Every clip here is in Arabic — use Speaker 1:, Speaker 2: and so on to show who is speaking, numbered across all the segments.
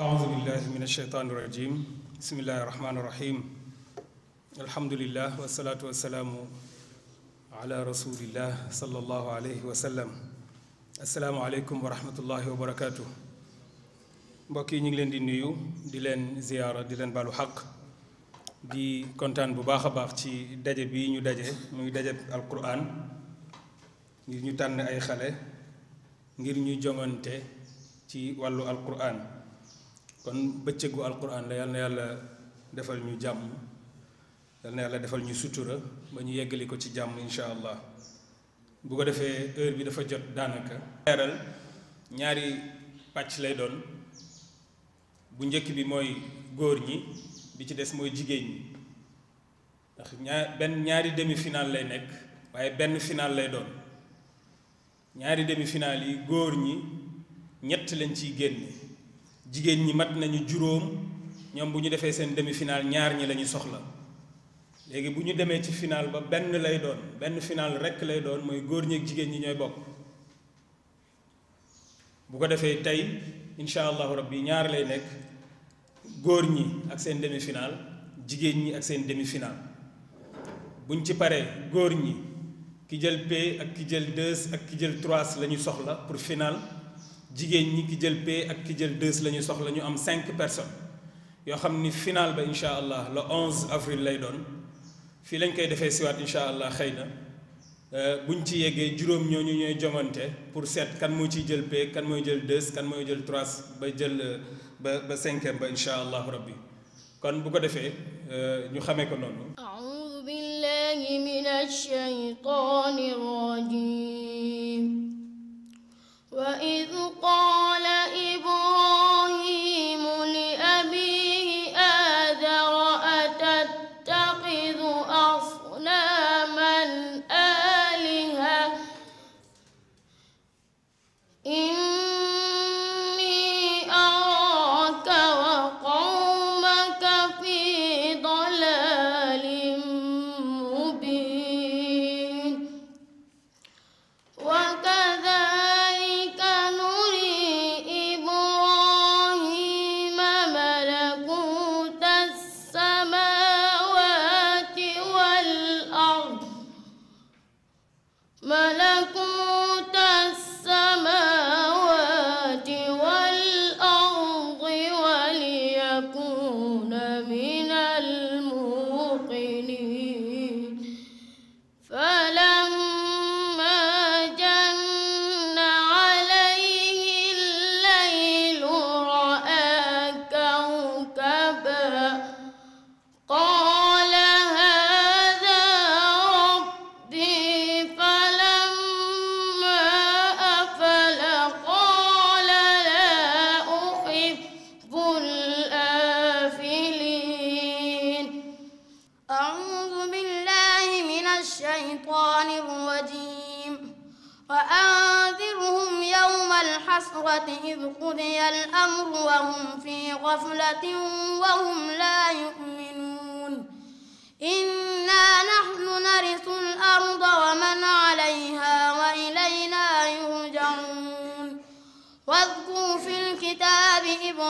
Speaker 1: أعوذ بالله من الشيطان الرجيم بسم الله الرحمن الرحيم الحمد لله والصلاة والسلام على رسول الله صلى الله عليه وسلم السلام عليكم ورحمة الله وبركاته mbokk yi ñu ngi leen di nuyu di leen ziyaara di leen balu xaq di kontaan bu baax a baax ci daje bi ñu daje muy daje alquran ngir ñu tànn ay xale ngir ñu jongante ci wàllu alquran kon bëccëgu alquran la yàlla defal ñu jàmm yal na yàlla defal ñu sutura ba ñu yeggali ko ci jàmm insha allah bu ko defee heure bi dafa jot daanaka leeral ñaari pàcc lay doon bu njëkk bi mooy góor ñi bi ci des mooy jigéen ñi ndax benn ñaari demi final lay nekk waaye benn final lay doon ñaari demi final yi góor ñi ñett lañ ciy génne jigéen ñi mat nañu juróom ñoom bu ñu defee seen demi-finale ñaar ñi la ñu soxla léegi bu ñu demee ci final ba benn lay doon benn final rekk lay doon mooy góor ñi ak jigéen ñi ñooy bokk bu ko defee tey incha allahu rabbi ñaar lay nekk góor ñi ak seen demi-finale jigéen ñi ak seen demi-finale buñ ci paree góor ñi ki jël P ak ki jël 2 ak ki jël 3 la ñu soxla pour final jigéen ñi ki jël P ak ki jël 2 la ñuy soxla ñu am 5 personnes yoo xam ni final ba incha allah le 11 avril lay doon fii lañ koy defee siwaat incha allah xëy na euh, buñ ci yeggee juróom ñu ñooy jongante pour seet kan moo ciy jël P kan mooy jël 2 kan mooy jël 3 ba jël ba ba cinquième ba incha allah rabbi kon bu ko defee euh, ñu xamee ko noonu.
Speaker 2: a'udhu billahi minash shaytanir rajim وإذ قال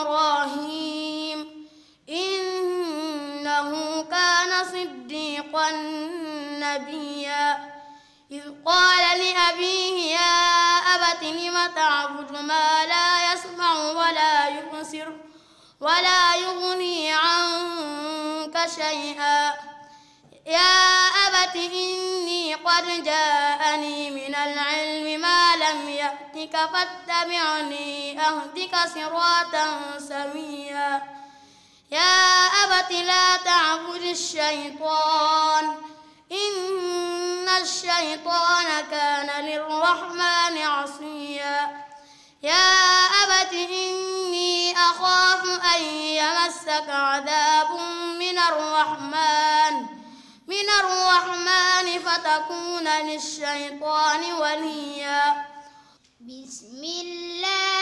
Speaker 2: إبراهيم إنه كان صديقا نبيا إذ قال لأبيه يا أبت لم تعبد ما لا يسمع ولا يبصر ولا يغني عنك شيئا يا أبت إني قد جاءني من العلم ما لم يأتك فاتبعني أهدك صراطا سميا يا أبت لا تعبد الشيطان إن الشيطان كان للرحمن عصيا يا أبت إني أخاف أن يمسك عذاب من الرحمن من الرحمن فتكون للشيطان وليا بسم الله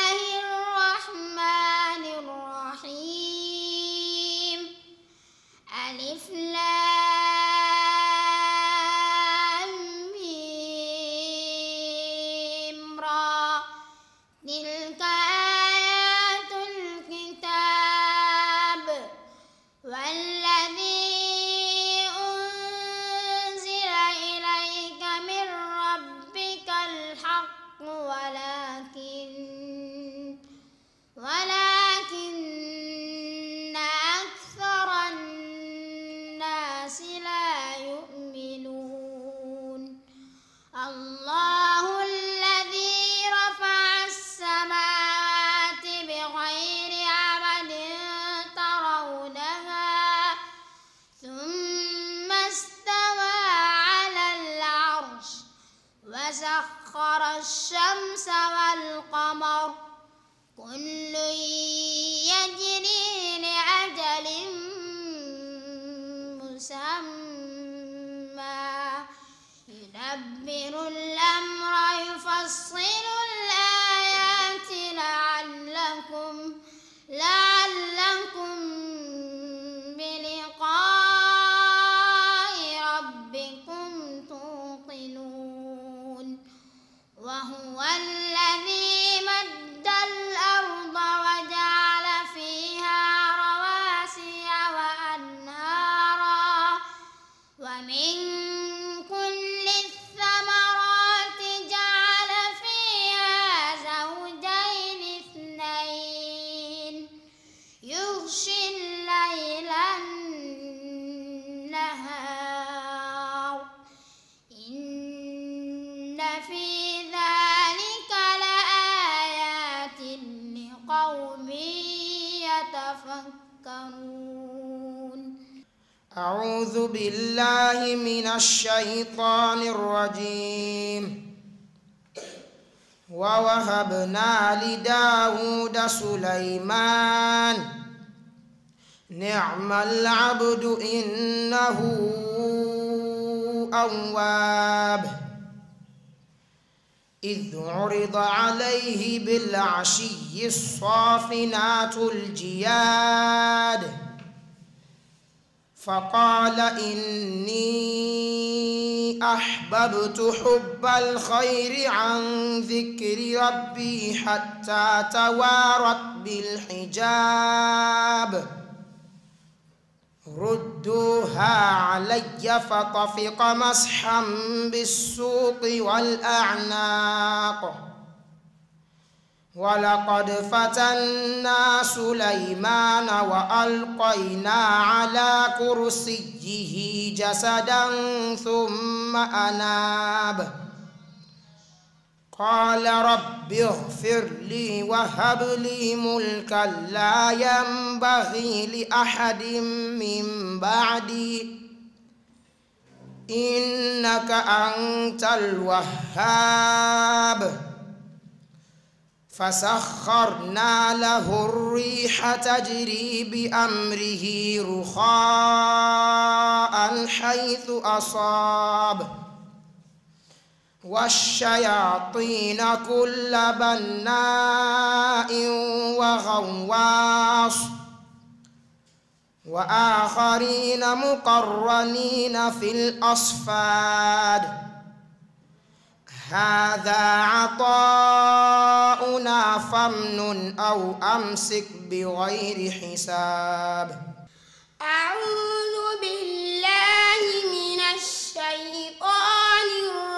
Speaker 3: الشيطان الرجيم ووهبنا لداود سليمان نعم العبد إنه أواب إذ عرض عليه بالعشي الصافنات الجياد فقال إني أحببت حب الخير عن ذكر ربي حتى توارت بالحجاب ردوها علي فطفق مسحا بالسوق والأعناق ولقد فتنا سليمان والقينا على كرسيه جسدا ثم اناب قال رب اغفر لي وهب لي ملكا لا ينبغي لاحد من بعدي انك انت الوهاب فسخرنا له الريح تجري بأمره رخاء حيث أصاب والشياطين كل بناء وغواص وآخرين مقرنين في الأصفاد هذا عطاؤنا فمن أو أمسك بغير حساب
Speaker 2: أعوذ بالله من الشيطان الرجيم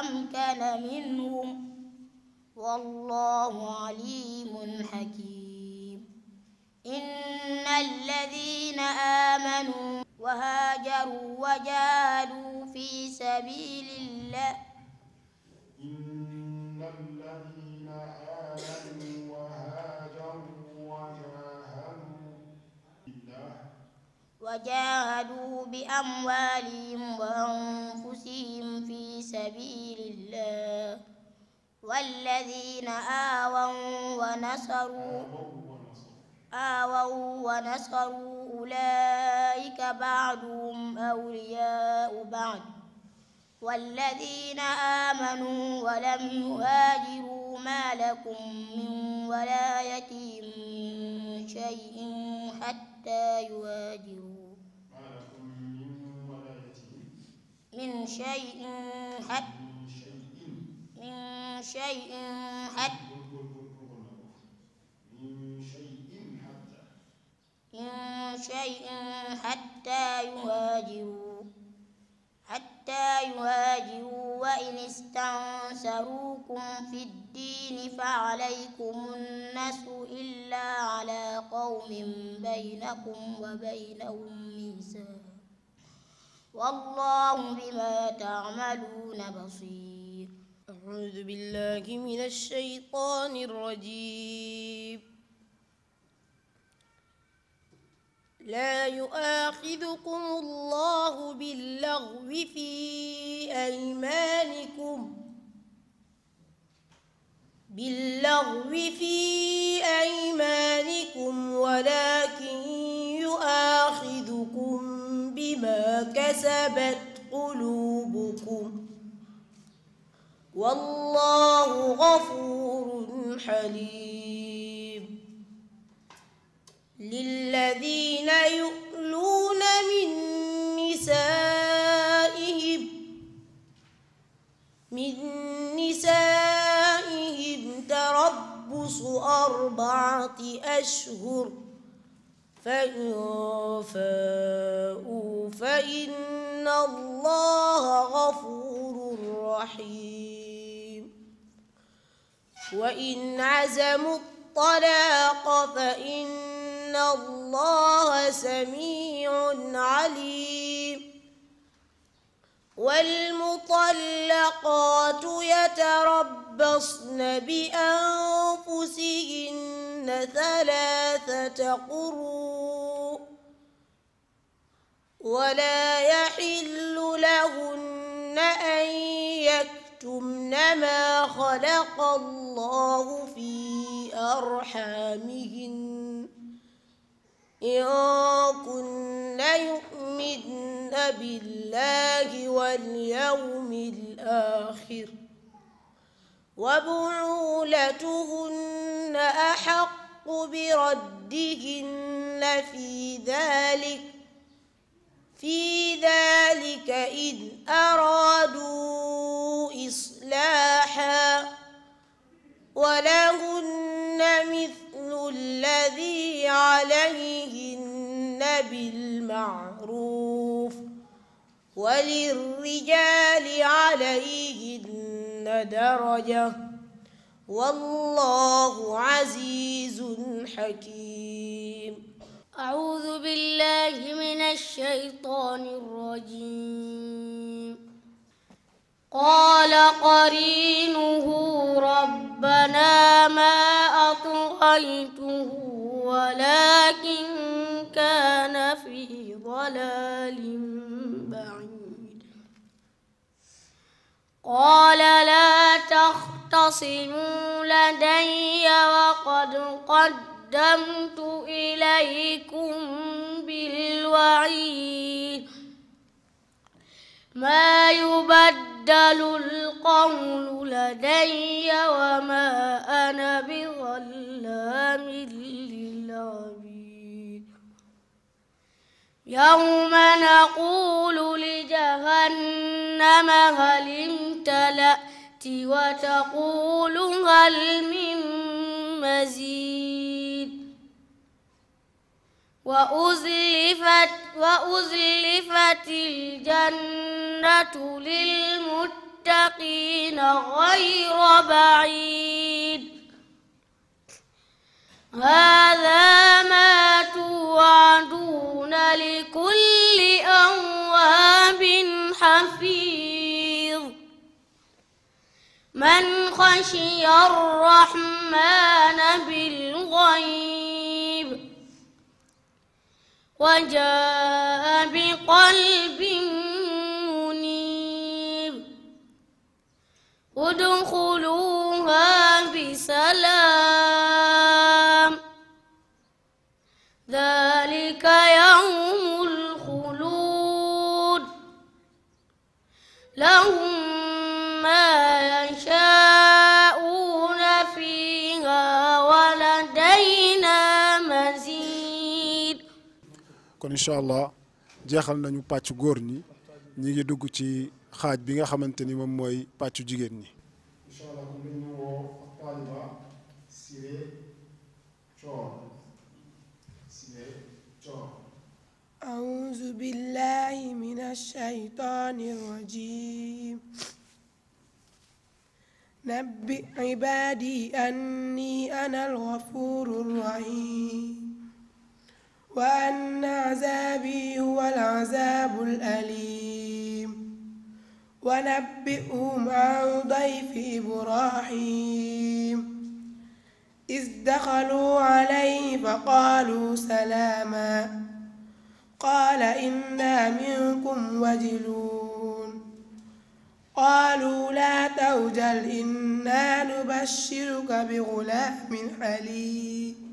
Speaker 2: أمكن منهم والله عليم حكيم إن الذين آمنوا وهاجروا وجاهدوا في سبيل الله وجاهدوا بأموالهم وأنفسهم في سبيل الله والذين آووا ونصروا آووا ونصروا أولئك بعضهم أولياء بعض والذين آمنوا ولم يهاجروا ما لكم من ولايتهم شيء حتى حتى من
Speaker 4: من شيء
Speaker 2: حتى من شيء حتى من شيء حتى يهاجروا حتى يهاجروا وإن استنصروكم في الدين فعليكم النسو إلا على قوم بينكم وبينهم ميثاق والله بما تعملون بصير أعوذ بالله من الشيطان الرجيم لا يؤاخذكم الله باللغو في أيمانكم باللغو في أيمانكم ولكن يؤاخذكم بما كسبت قلوبكم والله غفور حليم للذين يؤلون من نسائهم من نسائهم تربص أربعة أشهر فإن فاءوا فإن الله غفور رحيم وإن عزموا الطلاق فإن إن الله سميع عليم والمطلقات يتربصن بأنفسهن ثلاثة قروء ولا يحل لهن أن يكتمن ما خلق الله في أرحامهن إن كن يؤمن بالله واليوم الآخر وبعولتهن أحق بردهن في ذلك في ذلك إذ أرادوا إصلاحا ولهن مثل الذي عليه
Speaker 5: بالمعروف وللرجال عليهن درجة
Speaker 2: والله عزيز حكيم أعوذ بالله من الشيطان الرجيم قال قرينه ربنا ما أطغيته ولكن كان في ضلال بعيد قال لا تختصموا لدي وقد قدمت إليكم بالوعيد ما يبدل يبدل القول لدي وما أنا بظلام للعبيد يوم نقول لجهنم هل امتلأت وتقول هل من مزيد وأزلفت وأزلفت الجنة للمتقين غير بعيد هذا ما توعدون لكل أواب حفيظ من خشي الرحمن بالغيب وجاء بقلب منيب ادخلوها بسلام
Speaker 1: kon incha allah jeexal nañu pàcc góor ñi ñi ngi dugg ci xaaj bi nga xamante ni moom mooy pàccu ñi. incha bu ñu woo Taaliba Siré Coor Siré Coor.
Speaker 5: أعوذ بالله من الشيطان الرجيم نبئ عبادي أني أنا الغفور الرحيم وأن عذابي هو العذاب الأليم ونبئهم عن ضيف إبراهيم إذ دخلوا عليه فقالوا سلاما قال إنا منكم وجلون قالوا لا توجل إنا نبشرك بغلام حليم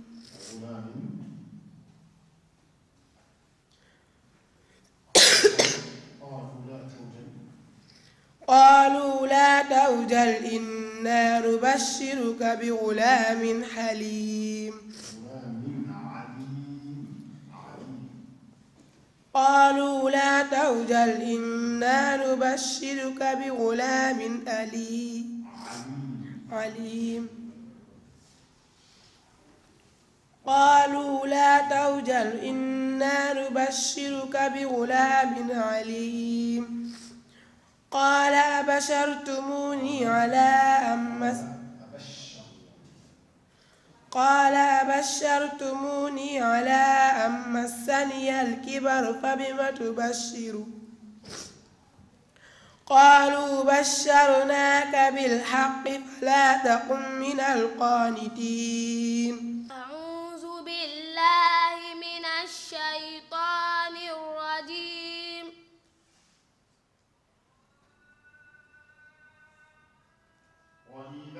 Speaker 5: قالوا لا توجل إنا نبشرك بغلام حليم قالوا لا توجل إنا نبشرك بغلام أليم عليم قالوا لا توجل إنا نبشرك بغلام عليم قال أبشرتموني على أن قال أبشرتموني على أم مسني الكبر فبم تبشروا قالوا بشرناك بالحق فلا تقم من القانتين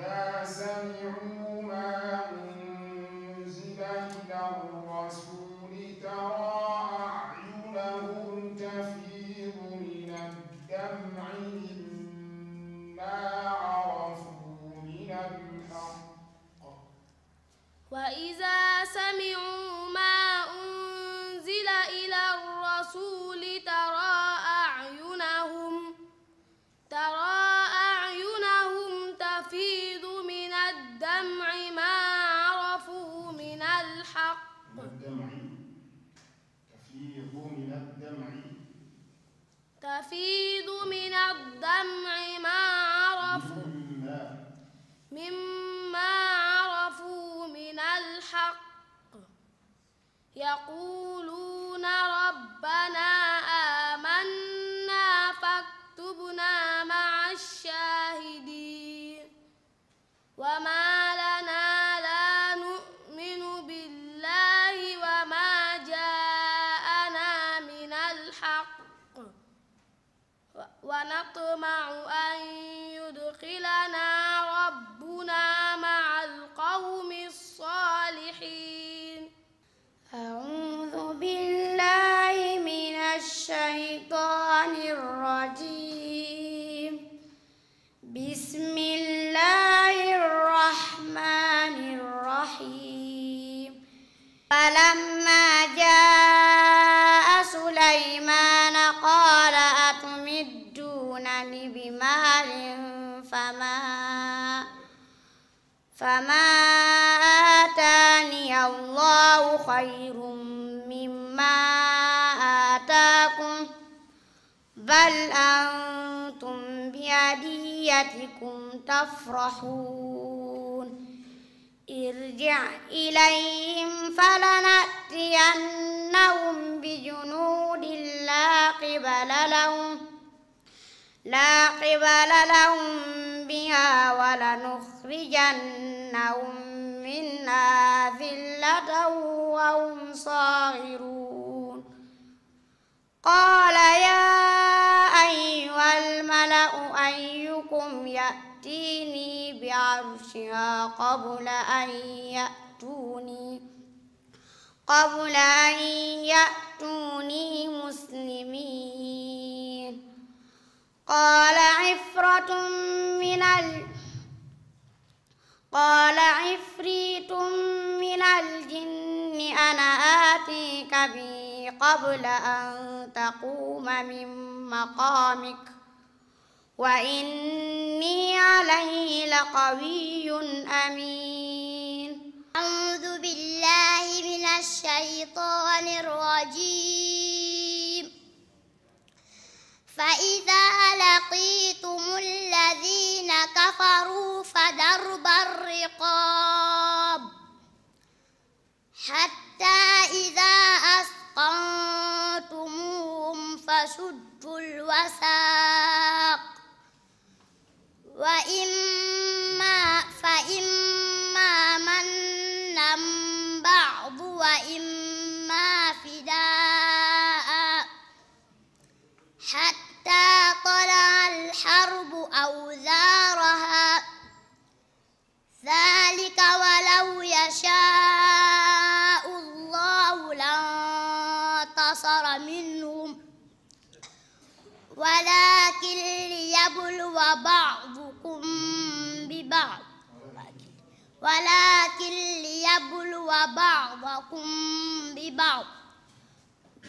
Speaker 4: Yes.
Speaker 2: خير مما آتاكم بل أنتم بهديتكم تفرحون ارجع إليهم فلنأتينهم بجنود لا قبل لهم لا قبل لهم بها ولنخرجنهم منا ذلة وهم صاغرون قال يا أيها الملأ أيكم يأتيني بعرشها قبل أن يأتوني قبل أن يأتوني مسلمين قال عفرة من الجنة قال عفريت من الجن أنا آتيك بي قبل أن تقوم من مقامك وإني عليه لقوي
Speaker 4: أمين أعوذ بالله من الشيطان الرجيم فإذا لقيتم الذين كفروا فضرب الرقاب حتى إذا أسقنتموهم فشدوا الوساق وإما فإما منا بعض وإما فداء حتى أوزارها ذلك ولو يشاء الله لانتصر منهم ولكن ليبلو بعضكم ببعض ولكن ليبلو بعضكم ببعض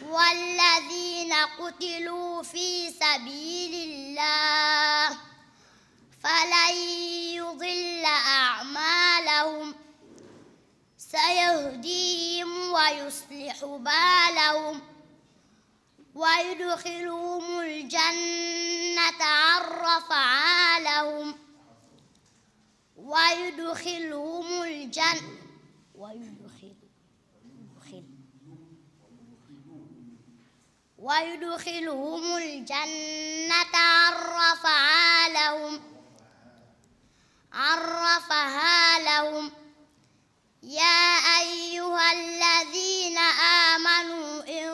Speaker 4: والذين قتلوا في سبيل الله فلن يضل أعمالهم سيهديهم ويصلح بالهم ويدخلهم الجنة عرف عالهم ويدخلهم الجنة ويدخل ويدخلهم الجنة عرف عالهم عرفها لهم يا أيها الذين آمنوا إن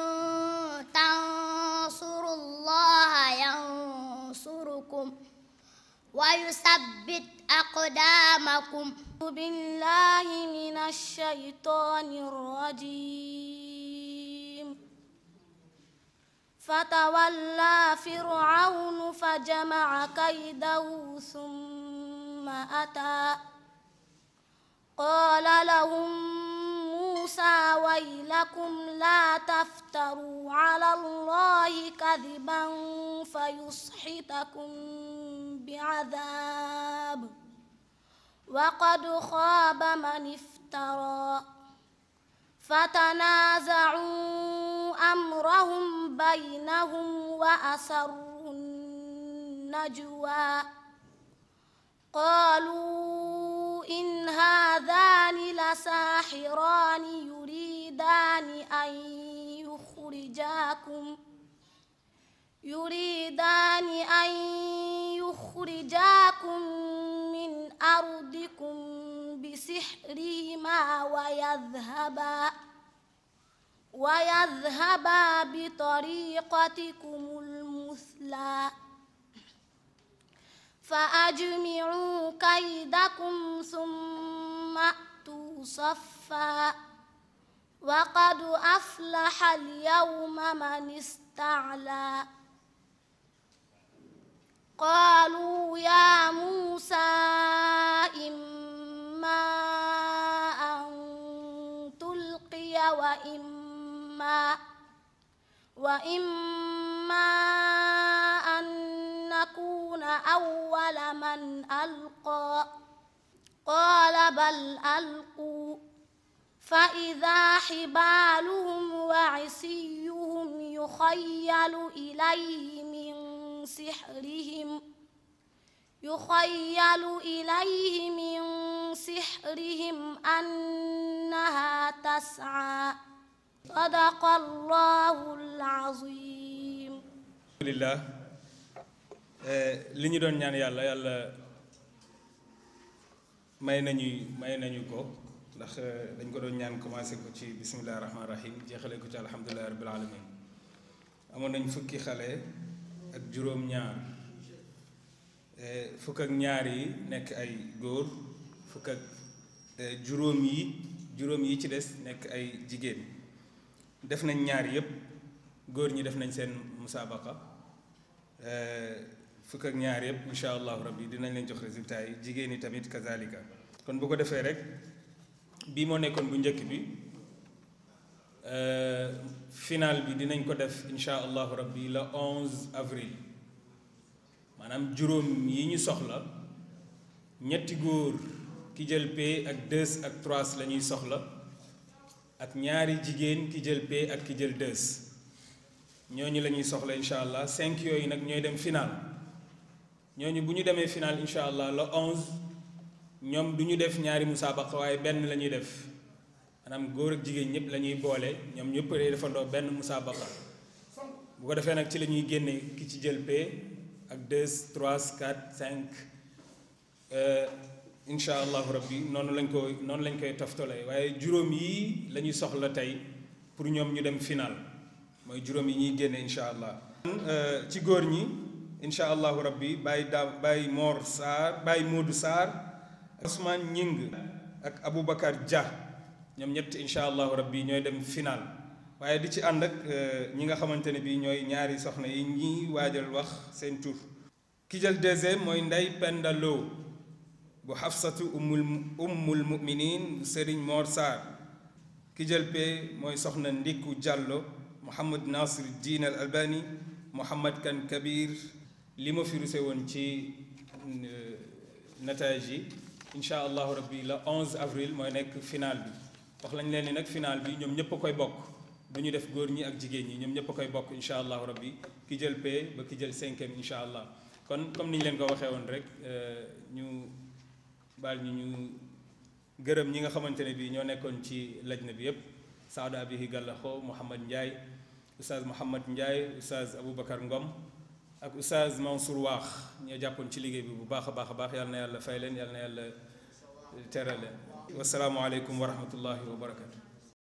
Speaker 4: تنصروا الله ينصركم ويثبت أقدامكم
Speaker 2: بالله من الشيطان الرجيم فتولى فرعون فجمع كيده ثم ما أتى قال لهم موسى ويلكم لا تفتروا على الله كذبا فيصحتكم بعذاب وقد خاب من افترى فتنازعوا أمرهم بينهم وأسروا النجوى قالوا إن هذان لساحران يريدان أن يخرجاكم يريدان أن يخرجاكم من أرضكم بسحرهما ويذهبا ويذهبا بطريقتكم المثلى فأجمعوا كيدكم ثم أتوا صفا وقد أفلح اليوم من استعلى قالوا يا موسى إما أن تلقي وإما وإما أن نكون أول ألقى قال بل ألقوا فإذا حبالهم وعصيهم يخيل إليه من سحرهم يخيل إليه من سحرهم أنها تسعى صدق الله العظيم
Speaker 1: لله eh, li ñu doon ñaan may nañuy may nañu ko ndax euh, dañ ko doon ñaan commencé ko ci bisimilah rahmaani rahim jeexale ko ci alhamdulilah rabbil alamin amoon nañ fukki xale ak juróom-ñaar euh, fukk ak ñaar nekk ay góor fukk ak euh, juróom yi juróom yi ci des nekk ay jigéen def nañ ñaar yépp góor ñi def nañ seen musaabaqa fukk ak ñaar yëpp incha allahu rabbi dinañ leen jox résultat yi jigéen ñi tamit kazalika kon bu ko defee rek bii moo nekkoon bu njëkk bi euh, final bi dinañ ko def incha allahu rabbi le 11 avril maanaam juróom yi ñu soxla ñetti góor ki jël ak 2 ak 3 la ñuy soxla ak ñaari jigéen ki jël ak ki jël 2 ñooñu la ñuy soxla incha allah 5 yooyu nag ñooy dem final. ñooñu bu ñu demee final incha allah le onze ñoom du ñu def ñaari musaabaqa waaye benn la ñuy def maanaam góor ak jigéen ñëpp la ñuy boole ñoom ñëpp day defandoo benn musaabaqa bu ko defee nag ci lañuy génne ki ci jël pee ak 2 3 4 5. incha allahu rabbi noonu lañ koy noonu lañ koy toftalee waaye juróom yi lañuy soxla tey pour ñoom ñu dem final mooy juróom yi ñuy génne incha allah. Euh, ci góor ñi incha allahu rabbi Baye da Baye Mor Sarr Baye Modou Sarr ak Ousmane Ñing ak ñoom ñett incha allahu rabbi ñooy dem final waaye di ci ànd ak euh, ñi nga xamante ne bii ñooy ñaari soxna yi ñi waajal wax seen tur ki deuxième mooy Ndey Penda bu Xafsatu ummul ummul muminin bu Sëriñ Mor Sarr ki mooy soxna Ndiku Diallo Mouhamad Nasir Diin al Albani Mouhamad Kan Kabir li ma firuse woon ci euh, nataaj yi incha allahu rabbi la 11 avril mooy nekk final bi wax lañ leen ni nag final bi ñoom ñëpp koy bokk bu ñu def góor ñi ak jigéen ñi ñoom ñëpp koy bokk incha allahu rabbi ki jël P ba ki jël cinquième incha allah kon comme ni ñu leen ko waxee woon rek euh, ñu baal ñu ñu gërëm ñi nga xamante ne bii ñoo nekkoon ci lajna bi yëpp Saada Abihi Gallaxo Mouhamad Ndiaye oustaz Mouhamad Ndiaye oustaz Aboubacar Ngom. ak oustaz Mansour wax ñu jappon ci liggey bi bu baaxa baaxa baax yàlla na yàlla fay leen yàlla na yàlla teral leen alaykum wa rahmatullahi wa barakatuh